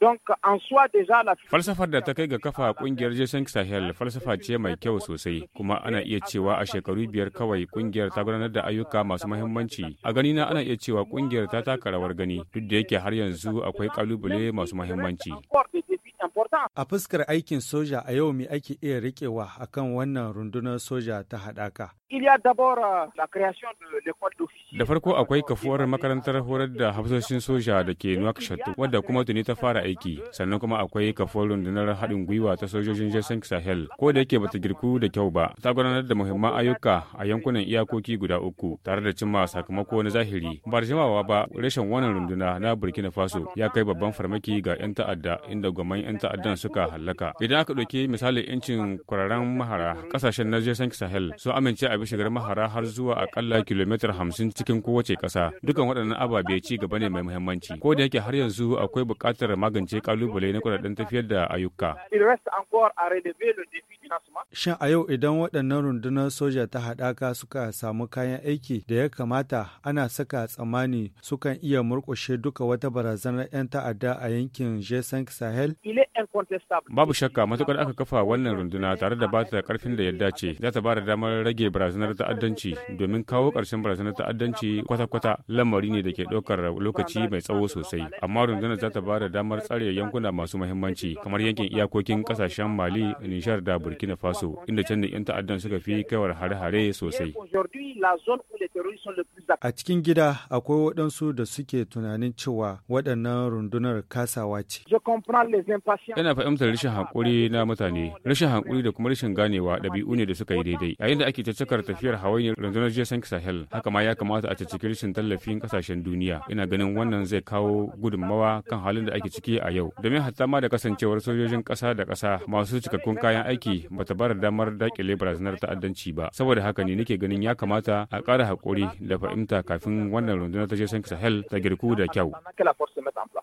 Donc, en soi déjà la falsafar da ta kai ga kafa kungiyar Jason Sahel falsafa ce mai kyau sosai kuma ana iya cewa a shekaru biyar kawai kungiyar ta gudanar da ayyuka masu mahimmanci. A gani na ana iya cewa kungiyar ta taka rawar gani duk da yake har yanzu akwai kalubale masu mahimmanci. A fuskar aikin soja a yau mai ake iya rikewa a kan wannan rundunar soja ta haɗaka? Euh, da farko akwai kafuwar makarantar horar da hafsoshin soja da ke Nouakchott wadda kuma tuni ta fara aiki sannan kuma akwai kafuwar rundunar haɗin gwiwa ta sojojin Jason Sahel ko da yake bata girku da kyau ba ta gudanar da muhimman ayyuka a yankunan iyakoki guda uku tare da cimma sakamako na zahiri ba da jimawa ba rashin wannan runduna na Burkina Faso ya kai babban farmaki ga 'yan ta'adda inda gwamman 'yan ta'addan su suka hallaka idan aka ɗauki misalin incin kwararren mahara ƙasashen Niger Sahel sun amince a bi shigar mahara har zuwa akalla kilomitar hamsin cikin kowace ƙasa dukan waɗannan ababe ci gaba ne mai muhimmanci ko da yake har yanzu akwai buƙatar magance ƙalubale na kudaden tafiyar da ayyuka. nasu ma. Shin a yau idan waɗannan rundunar soja ta haɗaka suka samu kayan aiki da ya kamata ana saka tsammani sukan iya murƙushe duka wata barazanar 'yan ta'adda a yankin Jason Sahel? Babu shakka matuƙar aka kafa wannan runduna tare da bata da ƙarfin da ya dace za ta ba da damar rage barazanar ta'addanci domin kawo ƙarshen barazanar ta'addanci kwata-kwata lamari ne da ke ɗaukar lokaci mai tsawo sosai amma rundunar za ta ba da damar tsare yankuna masu muhimmanci kamar yankin iyakokin ƙasashen Mali, Nishar da Burkina. burkina faso inda can 'yan ta'addan suka fi kaiwar hare-hare sosai a cikin gida akwai waɗansu da suke tunanin cewa waɗannan rundunar kasawa ce yana fahimtar rashin hankuri na mutane rashin hankuri da kuma rashin ganewa ɗabi'u ne da suka yi daidai yayin da ake caccakar tafiyar hawaii rundunar jason sahel haka ma ya kamata a caccaki rashin tallafin kasashen duniya ina ganin wannan zai kawo gudummawa kan halin da ake ciki a yau domin hatta ma da kasancewar sojojin ƙasa da ƙasa masu cikakkun kayan aiki ba ta bada damar dakile barazanar ta'addanci ba saboda haka ne nake ganin ya kamata a ƙara haƙuri da fahimta kafin wannan rundunar ta je sahel ta girku da kyau